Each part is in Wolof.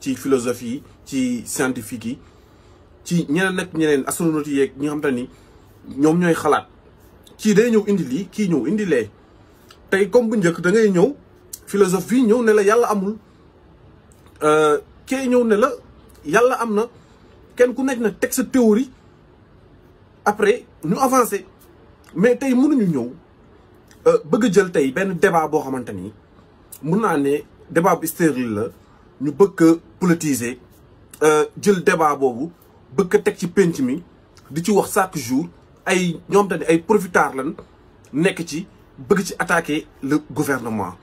ci philosophe yi ci scientifique yi ci ñeneen ak ñeneen astronautes yi yeeg ñi nga ni ñoom ñooy xalaat kii day ñëw indi lii kii ñëw indi lee tey comme bu njëkk da ngay ñëw philosophe yi ñëw ne la yàlla amul euh, kee ñëw ne la yàlla am na kenn ku nekk na teg sa théorie après ñu avancé mais tey mënuñu ñëw euh, bëgg a jël tey benn débat boo xamante ni mun naa ne débat bu stérile la ñu bëgg politiser euh jël débat bobu bëgg a ci penc mi di ci wax chaque jour ay ñom tane ay profiteurs lan nek ci bëgg ci attaquer le gouvernement.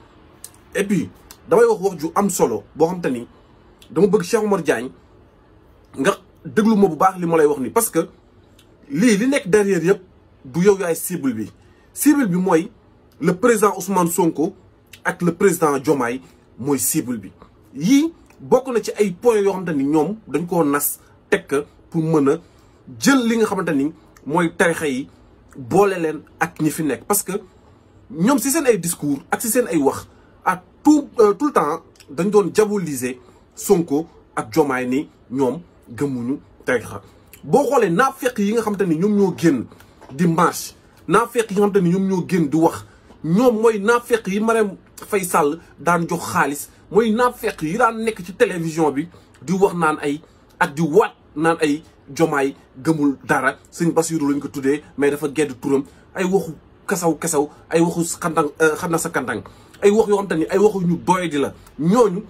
et puis damay wax wax ju am solo bo xam tane ni dama bëgg Cheikh Oumar Diagne nga déglu ma bu baax li ma lay wax ni parce que li li nek derrière yépp du yow yaay cible bi cible bi moy le président Ousmane Sonko ak le président Diomaye moy cible bi yi bokuna ci ay points yo xamanteni ñom dañ ko nas pour jël li nga yi ak ñi fi parce que ñom si seen ay discours ak si seen ay wax à tout euh, tout le temps dañ doon diaboliser Sonko ak jomay ni ñom gëmuñu tarixa bo xolé yi nga xamanteni ñom ño di marche yi nga xamanteni ñom ño wax ñom moy yi maram daan jox moy naaf fekk yi daan nek ci télévision bi di wax naan ay ak di wat naan ay jomay gëmul dara bassirou ko mais dafa gedd ay waxu kasaw kasaw ay waxu xandang euh, xamna sa kandang ay wax yo ay waxu ñu doy di la ñooñu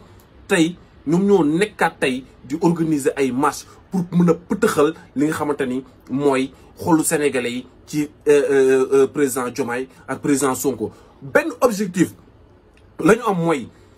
tay ñoom ñoo nekkat tay di organiser ay match pour mëna a pëtëxal li nga qui moy xolu sénégalais yi ci euh, euh, président jomay ak président Sonko Ben objectif la am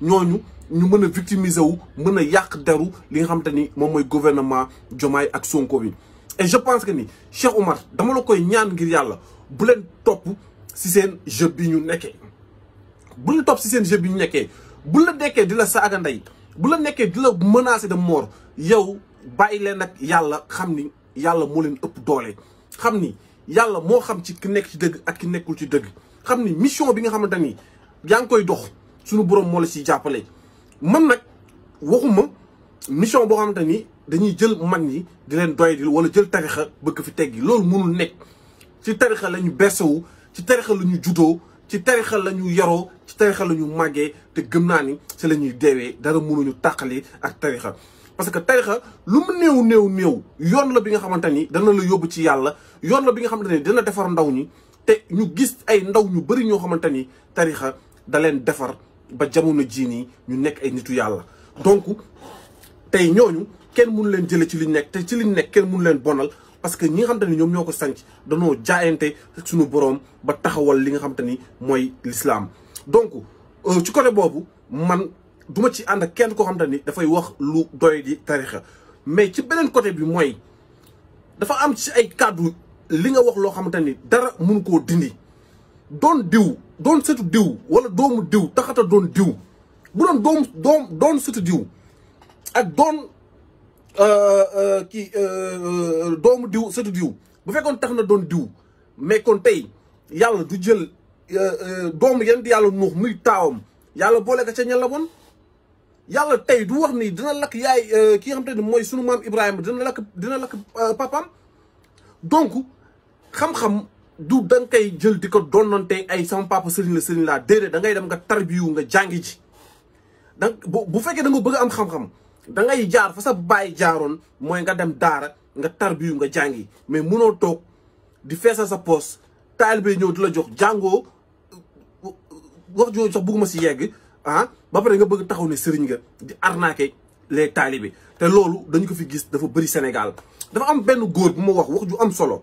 ñooñu ñu mën a victimiser wu mën a yàq deru li nga xamante ni moom mooy gouvernement Diomaye ak Sonko bi et je pense que ni Cheikh Oumar dama la koy ñaan ngir yàlla bu leen topp si seen jeu bi ñu nekkee bu leen topp si seen jeu bi ñu nekkee bu la nekkee di la saaga ndey bu la nekkee di la menacer de moor yow bàyyi leen ak yàlla xam ni yàlla moo leen ëpp doole xam ni yàlla moo xam ci ki nekk ci dëgg ak ki nekkul ci dëgg xam ni mission bi nga xamante ni yaa ngi koy dox suñu borom moo la siy jàppale man nag waxuma mission boo xamante ni dañuy jël mag ñi di leen doyadil wala jël tarixa bëgg fi teggi loolu mënul nekk ci tarixa la ñu bersewu ci tarixa la ñu juddoo ci tarixa la ñu yaroo ci ñu màggee te gëm naa ni la ñuy deewee dara mënuñu tàqali ak tarixa parce que tarixa lu mu néew néew yoon la bi nga xamante ni dana la yóbbu ci yàlla yoon la bi nga xamante ni dina defar ndaw ñi te ñu gis ay ndaw ñu bëri ñoo xamante ni tarixa da leen defar ba jamono jii nii ñu nekk ay nitu yàlla donc tey ñooñu kenn mënu leen jële ci liñ nekk te ci liñ nekk kenn mënu leen bonal parce que ñi nga xamante ni ñoom ñoo ko sanc danoo jaayante suñu boroom ba taxawal li nga xamante ni mooy lislaam donc euh, ci côté boobu man duma ci ànd ak kenn koo xamante ni dafay wax lu doy di tarixa mais ci beneen côté bi mooy dafa am ci ay kàddu li nga wax loo xamante ni dara mënu koo dindi doon diw doon setu diw wala doomu diw taxata doon diw bu doon doom doom doon setu diw ak doon euh, euh, kii euh, doomu diw setu diw bu fekkoon tax na doon diw mais kon tey yàlla du jël doom yan di yàlla nuux muy taawam yàlla boole ko ca ña la woon yàlla tey du wax ni dina lakk yaay ki nga xam te mooy sunu maam Ibrahima dina na dina lakk papam donc xam-xam du da nga koy jël di ko donnante ay sama papa sëriñ la sëriñ laa déedéet da ngay dem nga tarbiyu nga jàngi ji donc bu fekkee danga bëgg am xam-xam da ngay jaar fa sa baay jaaroon mooy nga dem daara nga tarbiyu nga jàngi mais munoo toog di feesal sa poos taalibe ñëw di la jox jàngoo wax jooju sax bëgguma si yegg ah ba pare nga bëgg taxaw ne sëriñ nga di arnaquer les taalibe te loolu dañu ko fi gis dafa bëri Sénégal dafa am benn góor bu ma wax wax ju am solo.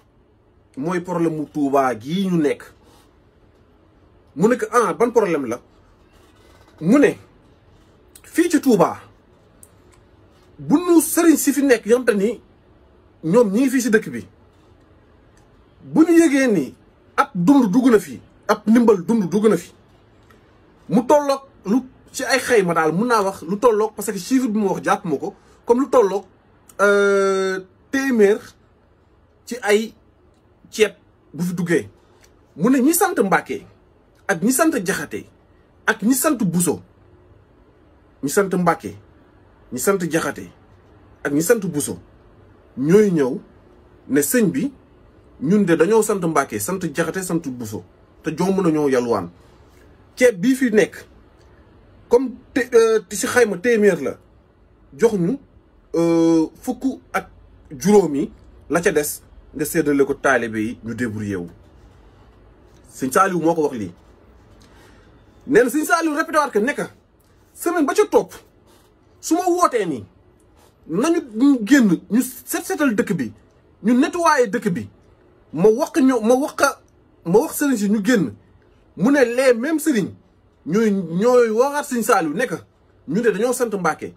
mooy problème mu Touba gii ñu nekk mu nekk ah ban problème la mu ne fii ci tuubaa bu nu sëriñ si fi nekk yamte ni ñoom ñi ngi fii si dëkk bi bu ñu yëgee ni ab dund dugg na fi ab ndimbal dund dugg na fi mu tolloog lu ci ay ma daal mun naa wax lu tolloog parce que chiffre bi mu wax jàpp ma ko comme lu tolloog euh, téeméer ci ay ceeb bu fi duggee mu ne ñi sant Mbàkke ak ñi sant Jaxate ak ñi sant Buso ñi sant Mbàkke ñi sant Jaxate ak ñi sant Buso ñooy ñëw ne sëñ bi ñun de dañoo sant Mbàkke sant Jaxate sant Buso te jox jomb nañoo yalwaan ceeb bii fi nekk comme te euh, si xayma téeméer la jox ñu euh, fukk ak juróom yi la ca des nga séddale ko taalibe yi ñu débrouillé wu sëñ Saliou moo ko wax lii nee na sëñ Saliou répété waat que nekk semaine ba ca topp su ma wootee nii nañu ñu génn ñu set setal dëkk bi ñu nettoyé dëkk bi ma wax ñu ma wax ma wax sëriñ si ñu génn mu ne lee mêmes sëriñ ñooy ñooy waxaat sëñ Saliou nekk ñu ne dañoo sant Mbacke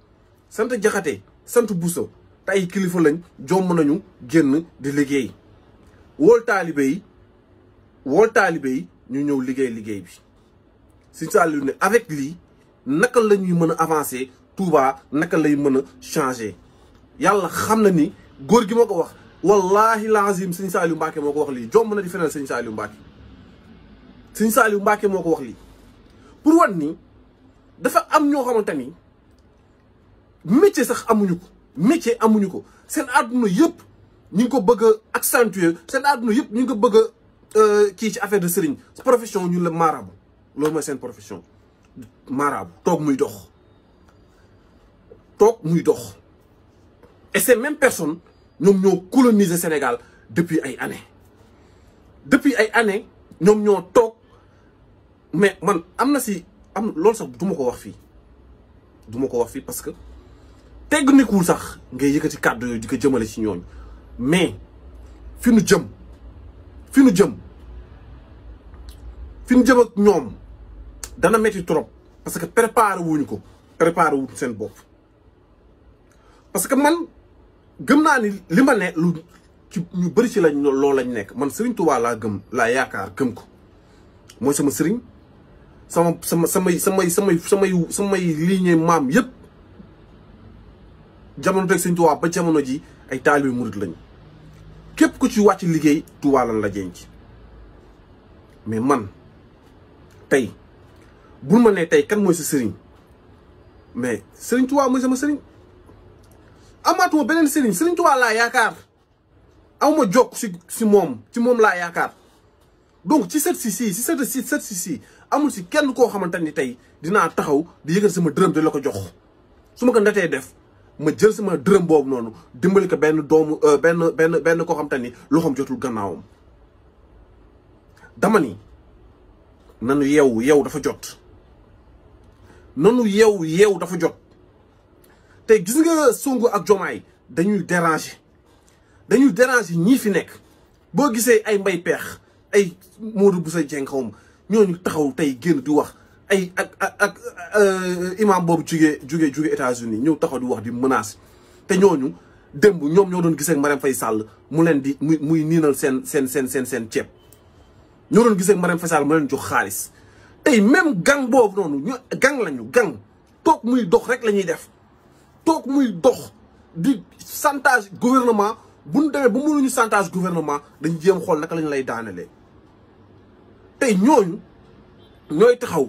sant Jaxate sant Bousso te kilifa lañ jomm nañu génn di liggéey wool taalibe yi wool taalibe yi ñu ñëw liggéey liggéey bi siñ si sàllu ne avec li naka lañuy ñuy mën a avancer Touba naka lañ mën a changer yàlla xam na ni góor gi moo ko wax wallahi lazim sëñ Saliou Mbacke moo ko wax lii jomb na di feneen sëñ Saliou Mbacke sëñ Saliou Mbacke moo ko wax lii pour wan ni dafa am ñoo xamante ni métier sax amuñu ko métier amuñu ko seen àdduna yëpp ñu ko bëgg accentuer seen àdduna yëpp ñu ko bëgg euh kii ci affaire de sérigne. profession ñu le maaraabu lool moy seen profession maaraabu tok muy dox tok muy dox et ces mêmes personnes ñom ñoo coloniser Sénégal depuis ay années depuis ay années ñom ñoo tok mais man amna na si am lool sax duma ko wax fi duma ko wax fi parce que technique wul sax ngay yëkkati kàddu yooyu di ko jëmale ci ñooñu mais fi nu jëm fi nu jëm fi nu jëm ak ñoom dana metti trop parce que préparé wuñu ko préparé wu seen bopp parce que man gëm naa ni li ma ne lu ci ñu bëri ci lañ loolu lañ nekk man Serigne Touba laa gëm laa yaakaar gëm ko mooy sama Serigne sama sama samay samay samay samay samay lignée maam yëpp jamono tek seigne touba ba jamono ji ay talib mourid lañ kep ku ci wacc liggéey touba lan la jenc mais man tay bu ma ne tay kan moy ce sëriñ mais sëriñ touba moy sama sëriñ amaatuma benen sëriñ sëriñ touba la yakar awma jokk si si mom ci mom la yakar donc ci set ci si cette set cette set si amul si kenn ko xamante tay dina taxaw di yëgal sama dërëm de lako jox suma ko def ma jël sama dërëm boobu noonu dimbali ko benn doomu euh, benn benn benn koo xam te ni loxoom jotul gannaawam dama ni nanu yeewu yeewu dafa jot nanu yeewu yeewu dafa jot te gis nga Sonko ak Jomaay dañuy déranger dañuy déranger ñii fi nekk boo gisee ay mbay peex ay Modou Bousso Dieng xawma ñooñu taxaw tey génn di wax ay ak ak ak euh, imam boobu jugee jugee jugee États-Unis ñëw taxaw di wax di mënaas te ñooñu démb ñoom ñoo doon gisee ak fay sàll mu leen di muy muy niinal seen seen seen seen ceeb ñoo doon gisee ak Marème Faye mu leen jox xaalis tey même gang boobu noonu ñu gang lañu gang toog muy dox rek la ñuy def toog muy dox di santage gouvernement bu ñu demee ba mënuñu chantage gouvernement dañ jéem xool naka lañu lay daanelee tey ñooñu ñooy taxaw.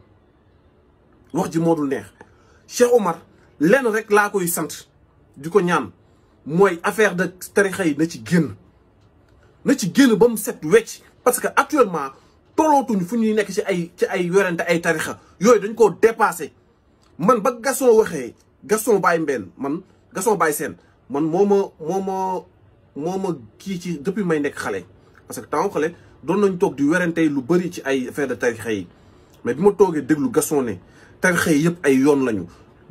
wax ji modul dul neex Cheikh Omar len rek la koy sante di ko ñaan moy affaire de tarixa yi na ci génn na ci génn ba mu set wetch parce que actuellement tollootuñ fu ñuy nekk ci ay ci ay yorente ay tarikha yoy dañ ko dépasser man ba gasson waxé gasson bay Mbène man gasson bay sen man moo ma moo ki ci depuis may nekk xalé parce que temps xalé doon nañ tok di werante lu bari ci ay affaire de tarikha yi mais bima togué toogee déglu Gaston ne tarixa yi yëpp ay yoon lañu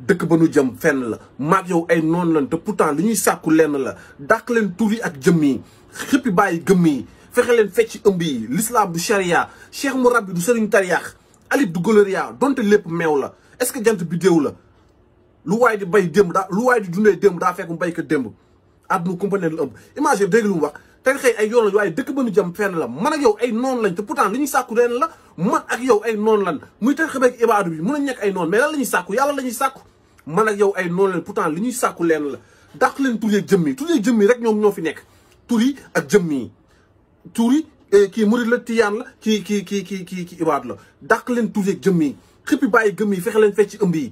dëkk ba nu jëm fenn la maag yow ay noon lañ te pourtant li ñuy sàkku lenn la dàq leen tur yi ak jëm yi xippi bàyyi gëmm yi fexe leen fecc ëmb yi l'islam du charia cheikh mu rabbi du sëriñ tariyaax alib du galeria donte lépp meew la est-ce que jant bi déew la lu waay di bay démb daa lu waay di dundee démb daa fekk mu bay ko démb àdduna kumpa neen lu ëmb image dégg lu wax te xëy ay yoon lañ waaye dëkk ba nu jëm fenn la man ak yow ay noon lañ te pourtant li ñuy sàkku leen la man ak yow ay noon lan muy tarixa bi ak ibaadu bi mun nañ nekk ay noon mais la ñuy sàkku yàlla la ñuy sàkku man ak yow ay noonu lañ pourtant li ñuy sàkku leen la dàq leen tur yeeg jëmm yi tur yeeg jëmm rek ñoom ñoo fi nekk tur yi ak jëmm yi tur yi eh, kii murid la tiyaan la kii kii kii kii kii ibaadu la dàq leen tur yeeg jëmm yi xippi bàyyi gëmm yi fexe leen ci ëmb yi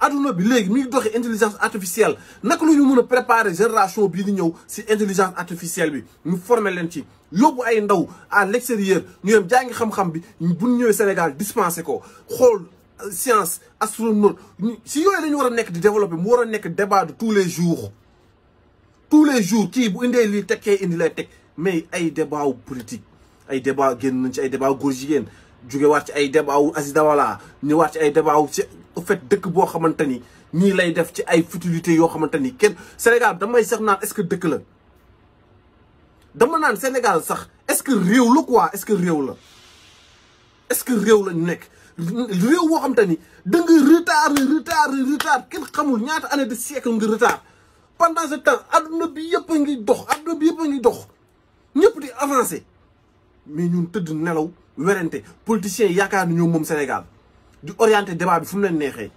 aduna bi léegi mi ngi intelligence artificielle nak la ñu préparer génération bi di ñëw si intelligence artificielle bi ñu former leen ci yobu ay ndaw à l'extérieur ñu yem jangi xam-xam bi bu ñu Sénégal dispensé ko xol euh, science astronomie si yoy la wara nek di développer mu wara nek débat de tous les jours tous les jours kii bu indee lii teg kee indi lay teg mais ay débat politique ay débat génn ci ay débat góor jigéen jógewaat ci ay débat wu Aziz Dabala ñëwaat ci ay débat au fait dëkk boo xamante ni nii lay def ci ay futilités yoo xamante ni kenn Sénégal damay sax naan est-ce que dëkk la dama naan Sénégal sax est-ce que réew la quoi est que réew la est-ce que réew la nekk réew woo xamante ni da nga retard retard retard kenn xamul ñaata année de siècle nga retard pendant ce temps adduna bi yëpp a ngi dox adduna bi yëpp a ngi dox ñëpp di avancer mais ñu tëdd nelaw werante politiciens yaakaar ni ñoom moom Sénégal di orienté débat bi fu mu leen neexee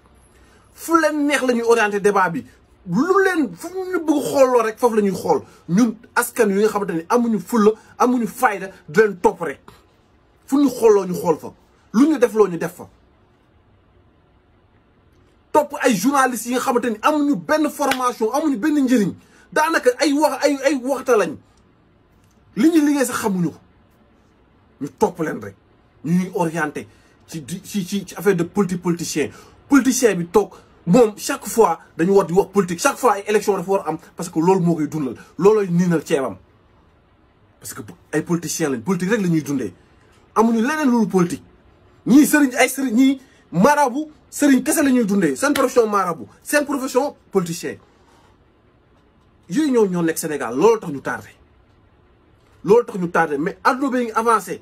fu leen neex la ñuy orienter débat bi lu leen fu ñu bëgg xooloo rek foofu la ñuy xool ñun askan wi nga xamante ne amuñu fulla amuñu fayda di leen topp rek fu ñu xooloo ñu xool fa lu ñu def loo ñu def fa topp ay journalistes yi nga xamante ni amuñu benn formation amuñu benn njëriñ daanaka ay wax ay ay waxta lañ li ñuy liggéey sax xamuñu ñu topp leen rek ñu ñuy orienté ci ci ci affaire de politique politicien politicien bi tok bon chaque fois dañu war politique chaque fois élection da am parce que loolu moo koy dundal loolooy ninal ceebam parce que ay politiciens lañ politique rek lañuy dundé amuñu leneen lolu politique ñi sëriñ ay sëriñ quest marabu sëriñ kese lañuy dundé dundee profession marabu seen profession politicien union ñoo ñoo Sénégal loolu tax ñu tardé loolu tax ñu tardé mais adduna bi ngi avancé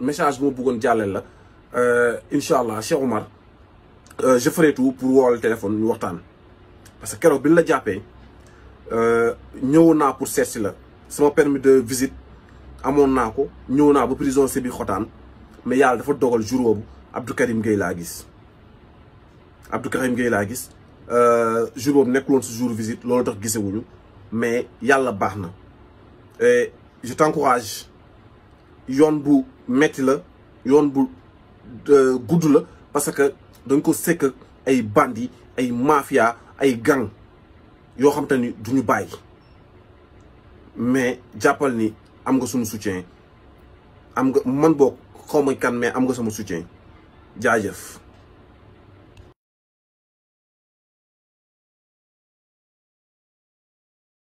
message bu ma bëggoon jàllale la euh, incha allah Cheikh Omar euh, je ferai tout pour voir le téléphone ñu waxtaan. parce que quand je la jàppee euh, ñëwoon naa pour seet si la permis de visite à nako ko ñëw prison si bi mais il dafa dogal jour boobu Abdou Karim Gueye gis Abdou Karim Gueye laa gis jour boobu nekkuloon si jour visite loolu tax Mais mais y a le et je t'encourage yoon metti la yoon bu gudd la parce que dañ ko sekk ay bandi ay mafia ay gang yoo xam te ni du ñu bàyyi mais jàppal ni am nga suñu soutien am nga man boo xaw ma kan mais am nga sama soutien jaajëf.